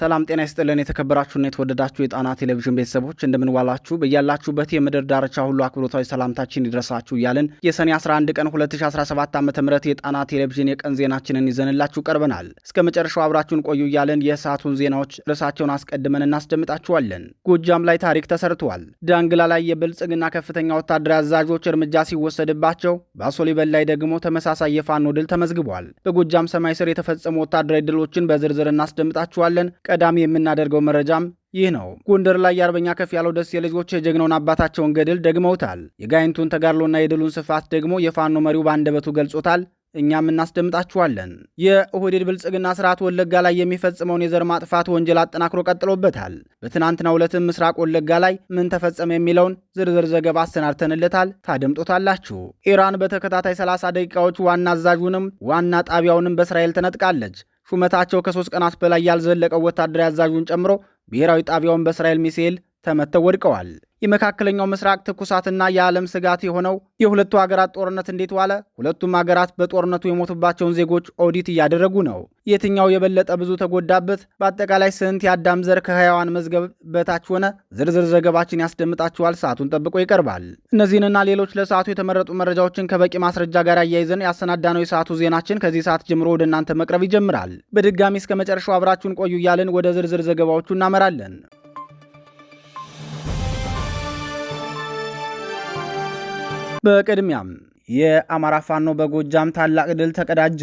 ሰላም ጤና ይስጥልን። የተከበራችሁና የተወደዳችሁ የጣና ቴሌቪዥን ቤተሰቦች እንደምንዋላችሁ፣ በያላችሁበት የምድር ዳርቻ ሁሉ አክብሮታዊ ሰላምታችን ይድረሳችሁ እያልን የሰኔ 11 ቀን 2017 ዓ ም የጣና ቴሌቪዥን የቀን ዜናችንን ይዘንላችሁ ቀርበናል። እስከ መጨረሻው አብራችሁን ቆዩ እያልን የእሳቱን ዜናዎች ርዕሳቸውን አስቀድመን እናስደምጣችኋለን። ጎጃም ላይ ታሪክ ተሰርቷል። ዳንግላ ላይ የብልጽግና ከፍተኛ ወታደራዊ አዛዦች እርምጃ ሲወሰድባቸው፣ በአሶሊበል ላይ ደግሞ ተመሳሳይ የፋኖ ድል ተመዝግቧል። በጎጃም ሰማይ ስር የተፈጸሙ ወታደራዊ ድሎችን በዝርዝር እናስደምጣችኋለን። ቀዳሚ የምናደርገው መረጃም ይህ ነው። ጎንደር ላይ የአርበኛ ከፍ ያለው ደሴ ልጆች የጀግናውን አባታቸውን ገድል ደግመውታል። የጋይንቱን ተጋድሎና የድሉን ስፋት ደግሞ የፋኖ መሪው በአንደበቱ ገልጾታል። እኛም እናስደምጣችኋለን። የኦህዴድ ብልጽግና ስርዓት ወለጋ ላይ የሚፈጽመውን የዘር ማጥፋት ወንጀል አጠናክሮ ቀጥሎበታል። በትናንትናው ዕለትም ምስራቅ ወለጋ ላይ ምን ተፈጸመ የሚለውን ዝርዝር ዘገባ አሰናድተንለታል፣ ታደምጦታላችሁ። ኢራን በተከታታይ 30 ደቂቃዎች ዋና አዛዡንም ዋና ጣቢያውንም በእስራኤል ተነጥቃለች። ሹመታቸው ከሶስት ቀናት በላይ ያልዘለቀው ወታደራዊ አዛዡን ጨምሮ ብሔራዊ ጣቢያውን በእስራኤል ሚሳኤል ተመተው ወድቀዋል። የመካከለኛው ምስራቅ ትኩሳትና የዓለም ስጋት የሆነው የሁለቱ ሀገራት ጦርነት እንዴት ዋለ? ሁለቱም ሀገራት በጦርነቱ የሞቱባቸውን ዜጎች ኦዲት እያደረጉ ነው። የትኛው የበለጠ ብዙ ተጎዳበት? በአጠቃላይ ስንት የአዳም ዘር ከሕያዋን መዝገብ በታች ሆነ? ዝርዝር ዘገባችን ያስደምጣችኋል። ሰዓቱን ጠብቆ ይቀርባል። እነዚህንና ሌሎች ለሰዓቱ የተመረጡ መረጃዎችን ከበቂ ማስረጃ ጋር አያይዘን ያሰናዳነው የሰዓቱ ዜናችን ከዚህ ሰዓት ጀምሮ ወደ እናንተ መቅረብ ይጀምራል። በድጋሚ እስከ መጨረሻው አብራችሁን ቆዩ እያልን ወደ ዝርዝር ዘገባዎቹ እናመራለን። በቅድሚያም የአማራ ፋኖ በጎጃም ታላቅ ድል ተቀዳጀ።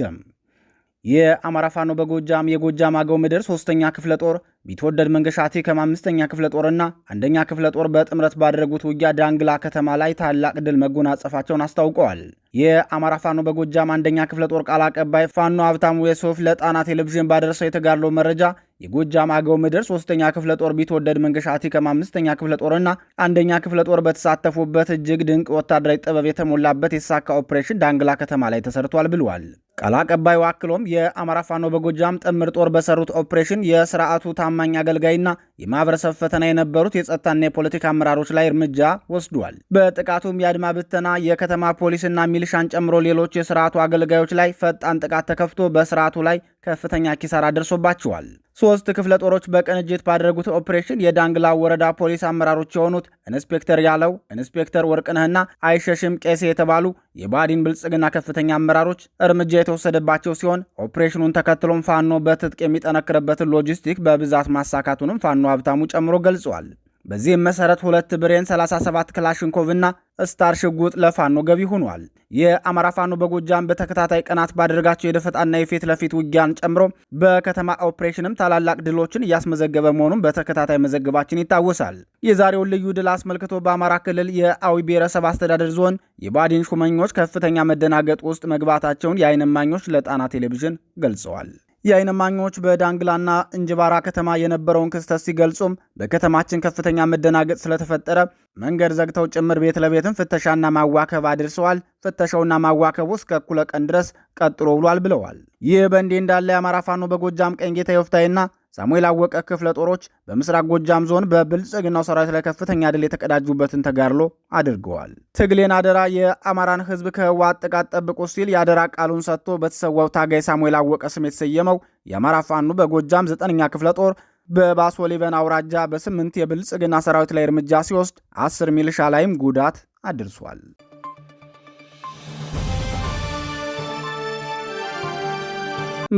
የአማራ ፋኖ በጎጃም የጎጃም አገው ምድር ሶስተኛ ክፍለ ጦር ቢትወደድ መንገሻቴ ከማምስተኛ ክፍለ ጦርና አንደኛ ክፍለ ጦር በጥምረት ባደረጉት ውጊያ ዳንግላ ከተማ ላይ ታላቅ ድል መጎናጸፋቸውን አስታውቀዋል። የአማራ ፋኖ በጎጃም አንደኛ ክፍለ ጦር ቃል አቀባይ ፋኖ ሀብታሙ የሶፍ ለጣና ቴሌቪዥን ባደረሰው የተጋድሎ መረጃ የጎጃም አገው ምድር ሶስተኛ ክፍለ ጦር ቢትወደድ መንገሻ አቲከም አምስተኛ ክፍለ ጦርና አንደኛ ክፍለ ጦር በተሳተፉበት እጅግ ድንቅ ወታደራዊ ጥበብ የተሞላበት የተሳካ ኦፕሬሽን ዳንግላ ከተማ ላይ ተሰርቷል ብለዋል። ቃል አቀባዩ አክሎም የአማራ ፋኖ በጎጃም ጥምር ጦር በሰሩት ኦፕሬሽን የስርዓቱ ታማኝ አገልጋይና የማህበረሰብ ፈተና የነበሩት የጸጥታና የፖለቲካ አመራሮች ላይ እርምጃ ወስዷል። በጥቃቱም የአድማ ብተና የከተማ ፖሊስና ሚሊሻን ጨምሮ ሌሎች የስርዓቱ አገልጋዮች ላይ ፈጣን ጥቃት ተከፍቶ በስርዓቱ ላይ ከፍተኛ ኪሳራ ደርሶባቸዋል። ሶስት ክፍለ ጦሮች በቅንጅት ባደረጉት ኦፕሬሽን የዳንግላ ወረዳ ፖሊስ አመራሮች የሆኑት ኢንስፔክተር ያለው፣ ኢንስፔክተር ወርቅነህና አይሸሽም ቄሴ የተባሉ የባዲን ብልጽግና ከፍተኛ አመራሮች እርምጃ የተወሰደባቸው ሲሆን ኦፕሬሽኑን ተከትሎም ፋኖ በትጥቅ የሚጠነክርበትን ሎጂስቲክ በብዛት ማሳካቱንም ፋኖ ሀብታሙ ጨምሮ ገልጿል። በዚህም መሰረት ሁለት ብሬን 37 ክላሽንኮቭና ስታር ሽጉጥ ለፋኖ ገቢ ሆኗል። የአማራ ፋኖ በጎጃም በተከታታይ ቀናት ባደረጋቸው የደፈጣና የፊት ለፊት ውጊያን ጨምሮ በከተማ ኦፕሬሽንም ታላላቅ ድሎችን እያስመዘገበ መሆኑን በተከታታይ መዘገባችን ይታወሳል። የዛሬውን ልዩ ድል አስመልክቶ በአማራ ክልል የአዊ ብሔረሰብ አስተዳደር ዞን የባዲን ሹመኞች ከፍተኛ መደናገጥ ውስጥ መግባታቸውን የአይን እማኞች ለጣና ቴሌቪዥን ገልጸዋል። የዓይን ማኞች በዳንግላና እንጅባራ ከተማ የነበረውን ክስተት ሲገልጹም በከተማችን ከፍተኛ መደናገጥ ስለተፈጠረ መንገድ ዘግተው ጭምር ቤት ለቤትም ፍተሻና ማዋከብ አድርሰዋል። ፍተሻውና ማዋከቡ እስከ እኩለ ቀን ድረስ ቀጥሎ ውሏል ብለዋል። ይህ በእንዲህ እንዳለ የአማራ ፋኖ በጎጃም ቀኝ ጌታ የወፍታይና ሳሙኤል አወቀ ክፍለ ጦሮች በምስራቅ ጎጃም ዞን በብልጽግናው ሰራዊት ላይ ከፍተኛ ድል የተቀዳጁበትን ተጋድሎ አድርገዋል። ትግሌን አደራ፣ የአማራን ህዝብ ከህወሓት ጥቃት ጠብቁ ሲል የአደራ ቃሉን ሰጥቶ በተሰዋው ታጋይ ሳሙኤል አወቀ ስም የተሰየመው የአማራ ፋኑ በጎጃም ዘጠነኛ ክፍለ ጦር በባሶ ሊበን አውራጃ በስምንት የብልጽግና ሰራዊት ላይ እርምጃ ሲወስድ አስር ሚልሻ ላይም ጉዳት አድርሷል።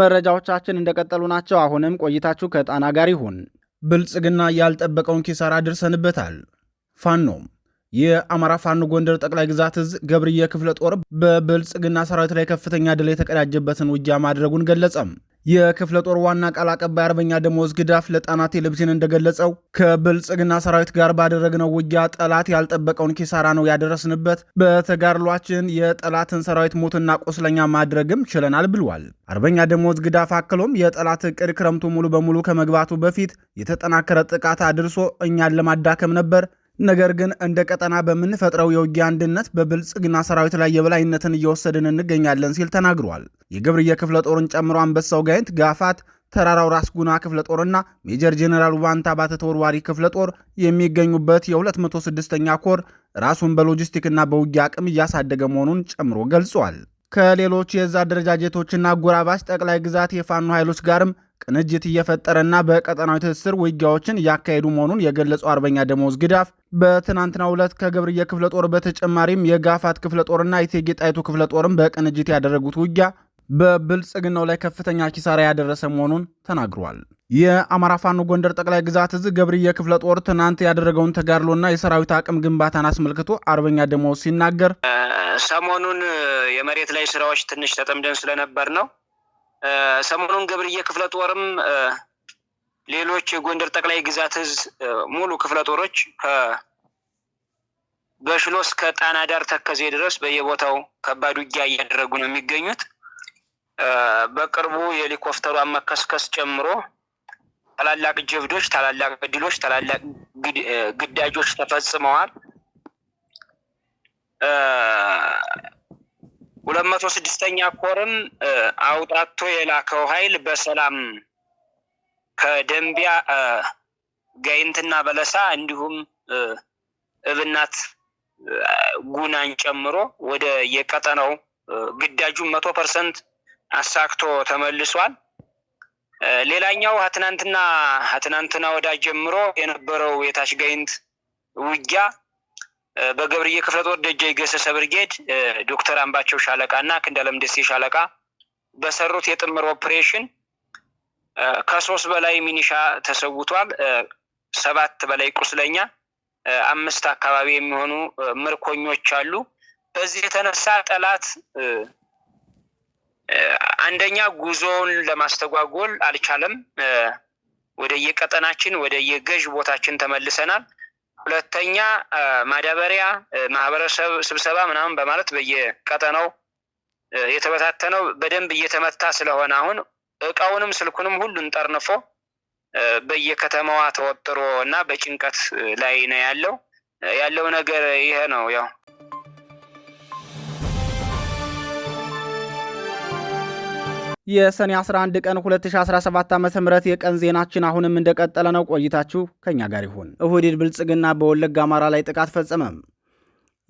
መረጃዎቻችን እንደቀጠሉ ናቸው። አሁንም ቆይታችሁ ከጣና ጋር ይሁን። ብልጽግና ያልጠበቀውን ኪሳራ ደርሰንበታል። ፋኖ የአማራ ፋኖ ጎንደር ጠቅላይ ግዛት እዝ ገብርዬ ክፍለ ጦር በብልጽግና ሰራዊት ላይ ከፍተኛ ድል የተቀዳጀበትን ውጊያ ማድረጉን ገለጸም። የክፍለ ጦር ዋና ቃል አቀባይ አርበኛ ደሞዝ ግዳፍ ለጣና ቴሌቪዥን እንደገለጸው ከብልጽግና ሰራዊት ጋር ባደረግነው ውጊያ ጠላት ያልጠበቀውን ኪሳራ ነው ያደረስንበት። በተጋድሏችን የጠላትን ሰራዊት ሞትና ቁስለኛ ማድረግም ችለናል ብሏል። አርበኛ ደሞዝ ግዳፍ አክሎም የጠላት እቅድ ክረምቱ ሙሉ በሙሉ ከመግባቱ በፊት የተጠናከረ ጥቃት አድርሶ እኛን ለማዳከም ነበር። ነገር ግን እንደ ቀጠና በምንፈጥረው የውጊያ አንድነት በብልጽግና ሰራዊት ላይ የበላይነትን እየወሰድን እንገኛለን ሲል ተናግሯል። የገብርዬ ክፍለ ጦርን ጨምሮ አንበሳው ጋይንት፣ ጋፋት፣ ተራራው ራስ ጉና ክፍለ ጦርና ሜጀር ጄኔራል ዋንታ ባተ ተወርዋሪ ክፍለ ጦር የሚገኙበት የ206ኛ ኮር ራሱን በሎጂስቲክና በውጊያ አቅም እያሳደገ መሆኑን ጨምሮ ገልጿል። ከሌሎች የዛ አደረጃጀቶችና አጎራባች ጠቅላይ ግዛት የፋኖ ኃይሎች ጋርም ቅንጅት እየፈጠረና በቀጠናዊ ትስስር ውጊያዎችን እያካሄዱ መሆኑን የገለጸው አርበኛ ደሞዝ ግዳፍ በትናንትናው ዕለት ከገብርዬ ክፍለ ጦር በተጨማሪም የጋፋት ክፍለ ጦርና የእቴጌ ጣይቱ ክፍለ ጦርም በቅንጅት ያደረጉት ውጊያ በብልጽግናው ላይ ከፍተኛ ኪሳራ ያደረሰ መሆኑን ተናግሯል። የአማራ ፋኖ ጎንደር ጠቅላይ ግዛት እዝ ገብርዬ ክፍለ ጦር ትናንት ያደረገውን ተጋድሎና የሰራዊት አቅም ግንባታን አስመልክቶ አርበኛ ደሞ ሲናገር ሰሞኑን የመሬት ላይ ስራዎች ትንሽ ተጠምደን ስለነበር ነው ሰሞኑን ገብርዬ ክፍለ ጦርም ሌሎች የጎንደር ጠቅላይ ግዛት እዝ ሙሉ ክፍለ ጦሮች በሽሎ እስከ ጣና ዳር ተከዜ ድረስ በየቦታው ከባድ ውጊያ እያደረጉ ነው የሚገኙት። በቅርቡ የሄሊኮፕተሯን መከስከስ ጨምሮ ታላላቅ ጀብዶች፣ ታላላቅ ድሎች፣ ታላላቅ ግዳጆች ተፈጽመዋል። ሁለት መቶ ስድስተኛ ኮርም አውጣቶ የላከው ኃይል በሰላም ከደንቢያ ጋይንትና በለሳ እንዲሁም እብናት ጉናን ጨምሮ ወደ የቀጠነው ግዳጁን መቶ ፐርሰንት አሳክቶ ተመልሷል። ሌላኛው ትናንትና ትናንትና ወዳ ጀምሮ የነበረው የታች ጋይንት ውጊያ በገብርዬ ክፍለ ጦር ደጃይ ገሰሰ ብርጌድ ዶክተር አምባቸው ሻለቃ እና ክንዳለም ደሴ ሻለቃ በሰሩት የጥምር ኦፕሬሽን ከሶስት በላይ ሚኒሻ ተሰውቷል። ሰባት በላይ ቁስለኛ፣ አምስት አካባቢ የሚሆኑ ምርኮኞች አሉ። በዚህ የተነሳ ጠላት አንደኛ ጉዞውን ለማስተጓጎል አልቻለም። ወደ የቀጠናችን ወደ የገዥ ቦታችን ተመልሰናል። ሁለተኛ ማዳበሪያ፣ ማህበረሰብ ስብሰባ ምናምን በማለት በየቀጠናው የተበታተነው በደንብ እየተመታ ስለሆነ አሁን እቃውንም ስልኩንም ሁሉን ጠርንፎ በየከተማዋ ተወጥሮ እና በጭንቀት ላይ ነው ያለው ያለው ነገር ይሄ ነው ያው የሰኔ 11 ቀን 2017 ዓ ም የቀን ዜናችን አሁንም እንደቀጠለ ነው። ቆይታችሁ ከኛ ጋር ይሁን። እሁዲድ ብልጽግና በወለጋ አማራ ላይ ጥቃት ፈጸመም።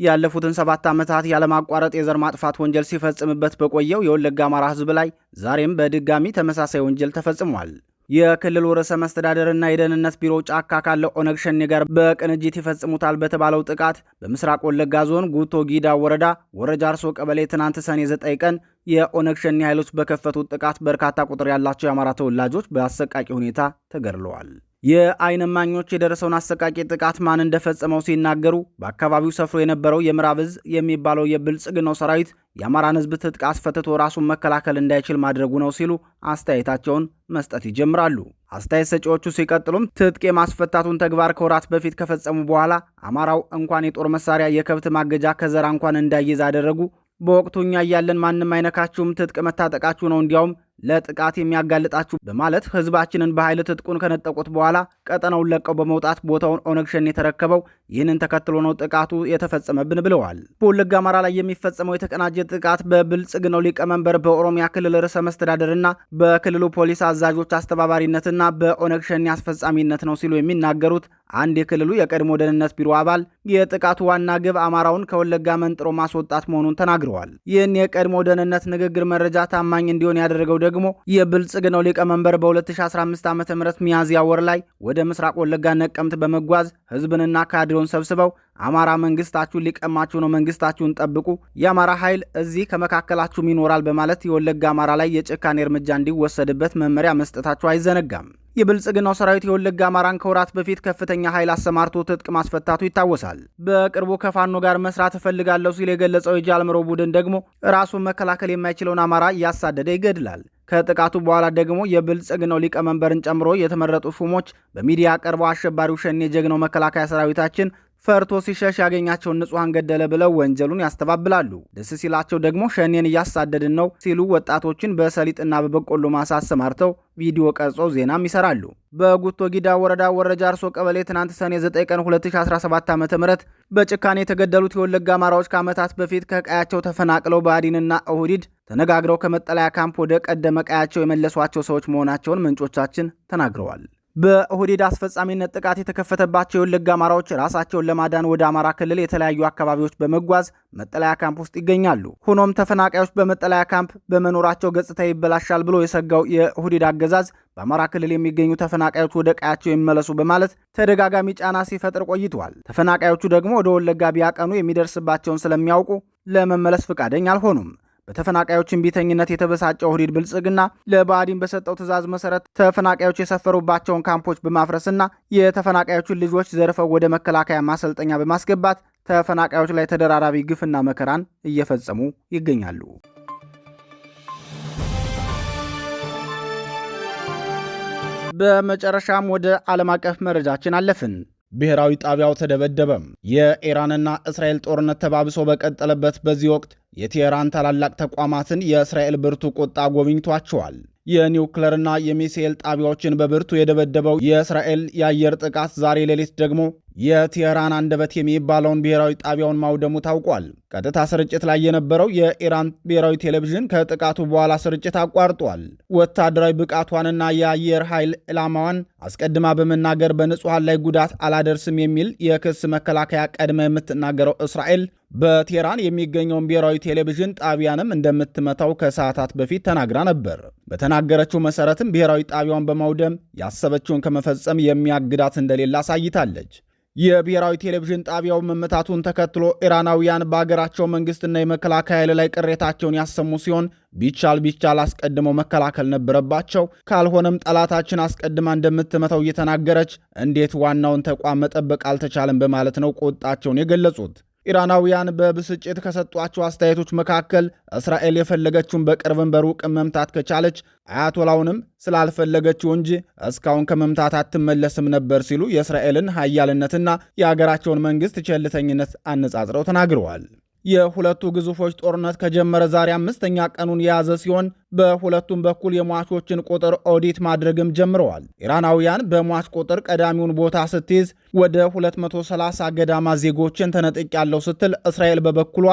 ያለፉትን ሰባት ዓመታት ያለማቋረጥ የዘር ማጥፋት ወንጀል ሲፈጽምበት በቆየው የወለጋ አማራ ህዝብ ላይ ዛሬም በድጋሚ ተመሳሳይ ወንጀል ተፈጽሟል። የክልሉ ርዕሰ መስተዳደርና የደህንነት ቢሮ ጫካ ካለው ኦነግ ሸኔ ጋር በቅንጅት ይፈጽሙታል በተባለው ጥቃት በምስራቅ ወለጋ ዞን ጉቶ ጊዳ ወረዳ ወረጃ አርሶ ቀበሌ ትናንት ሰኔ 9 ቀን የኦነግ ሸኔ ኃይሎች በከፈቱት ጥቃት በርካታ ቁጥር ያላቸው የአማራ ተወላጆች በአሰቃቂ ሁኔታ ተገድለዋል። የዓይን እማኞች የደረሰውን አሰቃቂ ጥቃት ማን እንደፈጸመው ሲናገሩ በአካባቢው ሰፍሮ የነበረው የምዕራብ እዝ የሚባለው የብልጽግናው ሰራዊት የአማራን ሕዝብ ትጥቅ አስፈትቶ ራሱን መከላከል እንዳይችል ማድረጉ ነው ሲሉ አስተያየታቸውን መስጠት ይጀምራሉ። አስተያየት ሰጪዎቹ ሲቀጥሉም ትጥቅ የማስፈታቱን ተግባር ከወራት በፊት ከፈጸሙ በኋላ አማራው እንኳን የጦር መሳሪያ የከብት ማገጃ ከዘራ እንኳን እንዳይዝ አደረጉ። በወቅቱ እኛ እያለን ማንም አይነካችሁም፣ ትጥቅ መታጠቃችሁ ነው እንዲያውም ለጥቃት የሚያጋልጣችሁ በማለት ህዝባችንን በኃይል ትጥቁን ከነጠቁት በኋላ ቀጠናውን ለቀው በመውጣት ቦታውን ኦነግ ሸኔ የተረከበው ይህንን ተከትሎ ነው ጥቃቱ የተፈጸመብን ብለዋል። በወለጋ አማራ ላይ የሚፈጸመው የተቀናጀ ጥቃት በብልጽግናው ሊቀመንበር በኦሮሚያ ክልል ርዕሰ መስተዳደርና በክልሉ ፖሊስ አዛዦች አስተባባሪነትና በኦነግ ሸኔ አስፈጻሚነት ነው ሲሉ የሚናገሩት አንድ የክልሉ የቀድሞ ደህንነት ቢሮ አባል የጥቃቱ ዋና ግብ አማራውን ከወለጋ መንጥሮ ማስወጣት መሆኑን ተናግረዋል። ይህን የቀድሞ ደህንነት ንግግር መረጃ ታማኝ እንዲሆን ያደረገው ደግሞ የብልጽግናው ሊቀመንበር በ2015 ዓ ም ሚያዝያ ወር ላይ ወደ ምስራቅ ወለጋ ነቀምት በመጓዝ ህዝብንና ካድሬውን ሰብስበው አማራ መንግስታችሁን ሊቀማችሁ ነው፣ መንግስታችሁን ጠብቁ፣ የአማራ ኃይል እዚህ ከመካከላችሁም ይኖራል በማለት የወለጋ አማራ ላይ የጭካኔ እርምጃ እንዲወሰድበት መመሪያ መስጠታቸው አይዘነጋም። የብልጽግናው ሰራዊት የወለጋ አማራን ከወራት በፊት ከፍተኛ ኃይል አሰማርቶ ትጥቅ ማስፈታቱ ይታወሳል። በቅርቡ ከፋኖ ጋር መስራት እፈልጋለሁ ሲል የገለጸው የጃልምሮ ቡድን ደግሞ ራሱን መከላከል የማይችለውን አማራ እያሳደደ ይገድላል። ከጥቃቱ በኋላ ደግሞ የብልጽግናው ሊቀመንበርን ጨምሮ የተመረጡ ሹሞች በሚዲያ ቀርበው አሸባሪው ሸኔ ጀግናው መከላከያ ሰራዊታችን ፈርቶ ሲሸሽ ያገኛቸውን ንጹሐን ገደለ ብለው ወንጀሉን ያስተባብላሉ። ደስ ሲላቸው ደግሞ ሸኔን እያሳደድን ነው ሲሉ ወጣቶችን በሰሊጥና በበቆሎ ማሳ አሰማርተው ቪዲዮ ቀርጸው ዜናም ይሰራሉ። በጉቶ ጊዳ ወረዳ ወረጃ አርሶ ቀበሌ ትናንት ሰኔ 9 ቀን 2017 ዓ ም በጭካኔ የተገደሉት የወለጋ አማራዎች ከዓመታት በፊት ከቀያቸው ተፈናቅለው ብአዴንና ኦህዴድ ተነጋግረው ከመጠለያ ካምፕ ወደ ቀደመ ቀያቸው የመለሷቸው ሰዎች መሆናቸውን ምንጮቻችን ተናግረዋል። በኦህዴድ አስፈጻሚነት ጥቃት የተከፈተባቸው የወለጋ አማራዎች ራሳቸውን ለማዳን ወደ አማራ ክልል የተለያዩ አካባቢዎች በመጓዝ መጠለያ ካምፕ ውስጥ ይገኛሉ። ሆኖም ተፈናቃዮች በመጠለያ ካምፕ በመኖራቸው ገጽታ ይበላሻል ብሎ የሰጋው የኦህዴድ አገዛዝ በአማራ ክልል የሚገኙ ተፈናቃዮች ወደ ቀያቸው ይመለሱ በማለት ተደጋጋሚ ጫና ሲፈጥር ቆይተዋል። ተፈናቃዮቹ ደግሞ ወደ ወለጋ ቢያቀኑ የሚደርስባቸውን ስለሚያውቁ ለመመለስ ፈቃደኛ አልሆኑም። በተፈናቃዮች እምቢተኝነት የተበሳጨው ኦህዴድ ብልጽግና ለብአዴን በሰጠው ትዕዛዝ መሰረት ተፈናቃዮች የሰፈሩባቸውን ካምፖች በማፍረስና የተፈናቃዮቹን ልጆች ዘርፈው ወደ መከላከያ ማሰልጠኛ በማስገባት ተፈናቃዮች ላይ ተደራራቢ ግፍና መከራን እየፈጸሙ ይገኛሉ። በመጨረሻም ወደ ዓለም አቀፍ መረጃችን አለፍን። ብሔራዊ ጣቢያው ተደበደበ። የኢራንና እስራኤል ጦርነት ተባብሶ በቀጠለበት በዚህ ወቅት የቴህራን ታላላቅ ተቋማትን የእስራኤል ብርቱ ቁጣ ጎብኝቷቸዋል። የኒውክለርና የሚሳኤል ጣቢያዎችን በብርቱ የደበደበው የእስራኤል የአየር ጥቃት ዛሬ ሌሊት ደግሞ የቴህራን አንደበት የሚባለውን ብሔራዊ ጣቢያውን ማውደሙ ታውቋል። ቀጥታ ስርጭት ላይ የነበረው የኢራን ብሔራዊ ቴሌቪዥን ከጥቃቱ በኋላ ስርጭት አቋርጧል። ወታደራዊ ብቃቷንና የአየር ኃይል ዕላማዋን አስቀድማ በመናገር በንጹሐን ላይ ጉዳት አላደርስም የሚል የክስ መከላከያ ቀድማ የምትናገረው እስራኤል በቴህራን የሚገኘውን ብሔራዊ ቴሌቪዥን ጣቢያንም እንደምትመታው ከሰዓታት በፊት ተናግራ ነበር። በተናገረችው መሰረትም ብሔራዊ ጣቢያውን በማውደም ያሰበችውን ከመፈጸም የሚያግዳት እንደሌለ አሳይታለች። የብሔራዊ ቴሌቪዥን ጣቢያው መመታቱን ተከትሎ ኢራናውያን በአገራቸው መንግስትና የመከላከያ ኃይል ላይ ቅሬታቸውን ያሰሙ ሲሆን ቢቻል ቢቻል አስቀድመው መከላከል ነበረባቸው፣ ካልሆነም ጠላታችን አስቀድማ እንደምትመታው እየተናገረች እንዴት ዋናውን ተቋም መጠበቅ አልተቻለም በማለት ነው ቁጣቸውን የገለጹት። ኢራናውያን በብስጭት ከሰጧቸው አስተያየቶች መካከል እስራኤል የፈለገችውን በቅርብም በሩቅ መምታት ከቻለች አያቶላውንም ስላልፈለገችው እንጂ እስካሁን ከመምታት አትመለስም ነበር ሲሉ የእስራኤልን ሀያልነትና የአገራቸውን መንግስት ቸልተኝነት አነጻጽረው ተናግረዋል። የሁለቱ ግዙፎች ጦርነት ከጀመረ ዛሬ አምስተኛ ቀኑን የያዘ ሲሆን በሁለቱም በኩል የሟቾችን ቁጥር ኦዲት ማድረግም ጀምረዋል። ኢራናውያን በሟች ቁጥር ቀዳሚውን ቦታ ስትይዝ ወደ 230 ገዳማ ዜጎችን ተነጥቅ ያለው ስትል እስራኤል በበኩሏ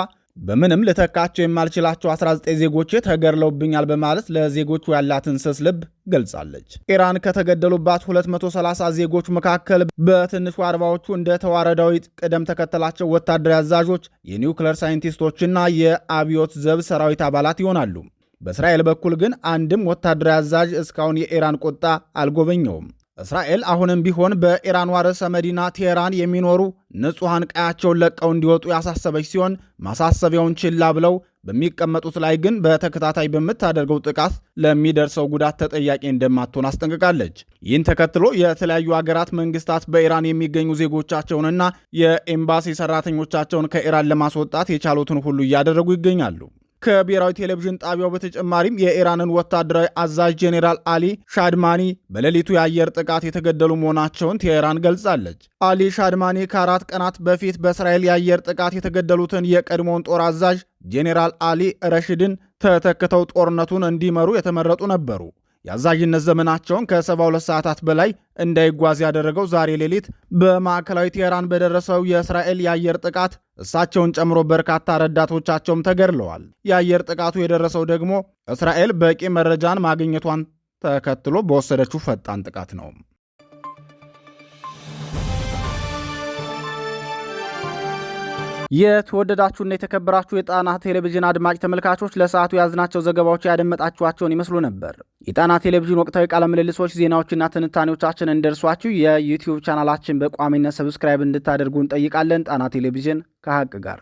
በምንም ልተካቸው የማልችላቸው 19 ዜጎቼ ተገድለውብኛል በማለት ለዜጎቹ ያላትን ስስ ልብ ገልጻለች። ኢራን ከተገደሉባት 230 ዜጎች መካከል በትንሹ አርባዎቹ እንደ ተዋረዳዊ ቅደም ተከተላቸው ወታደራዊ አዛዦች፣ የኒውክለር ሳይንቲስቶችና የአብዮት ዘብ ሰራዊት አባላት ይሆናሉ። በእስራኤል በኩል ግን አንድም ወታደራዊ አዛዥ እስካሁን የኢራን ቁጣ አልጎበኘውም። እስራኤል አሁንም ቢሆን በኢራኗ ርዕሰ መዲና ቴሄራን የሚኖሩ ንጹሐን ቀያቸውን ለቀው እንዲወጡ ያሳሰበች ሲሆን ማሳሰቢያውን ችላ ብለው በሚቀመጡት ላይ ግን በተከታታይ በምታደርገው ጥቃት ለሚደርሰው ጉዳት ተጠያቂ እንደማትሆን አስጠንቅቃለች። ይህን ተከትሎ የተለያዩ አገራት መንግስታት በኢራን የሚገኙ ዜጎቻቸውንና የኤምባሲ ሰራተኞቻቸውን ከኢራን ለማስወጣት የቻሉትን ሁሉ እያደረጉ ይገኛሉ። ከብሔራዊ ቴሌቪዥን ጣቢያው በተጨማሪም የኢራንን ወታደራዊ አዛዥ ጄኔራል አሊ ሻድማኒ በሌሊቱ የአየር ጥቃት የተገደሉ መሆናቸውን ቴሄራን ገልጻለች። አሊ ሻድማኒ ከአራት ቀናት በፊት በእስራኤል የአየር ጥቃት የተገደሉትን የቀድሞውን ጦር አዛዥ ጄኔራል አሊ ረሽድን ተተክተው ጦርነቱን እንዲመሩ የተመረጡ ነበሩ። የአዛዥነት ዘመናቸውን ከ72 ሰዓታት በላይ እንዳይጓዝ ያደረገው ዛሬ ሌሊት በማዕከላዊ ቴህራን በደረሰው የእስራኤል የአየር ጥቃት እሳቸውን ጨምሮ በርካታ ረዳቶቻቸውም ተገድለዋል። የአየር ጥቃቱ የደረሰው ደግሞ እስራኤል በቂ መረጃን ማግኘቷን ተከትሎ በወሰደችው ፈጣን ጥቃት ነው። የተወደዳችሁና የተከበራችሁ የጣና ቴሌቪዥን አድማጭ ተመልካቾች ለሰዓቱ የያዝናቸው ዘገባዎች ያደመጣችኋቸውን ይመስሉ ነበር። የጣና ቴሌቪዥን ወቅታዊ ቃለ ምልልሶች፣ ዜናዎችና ትንታኔዎቻችን እንደርሷችሁ የዩቲዩብ ቻናላችን በቋሚነት ሰብስክራይብ እንድታደርጉ እንጠይቃለን። ጣና ቴሌቪዥን ከሀቅ ጋር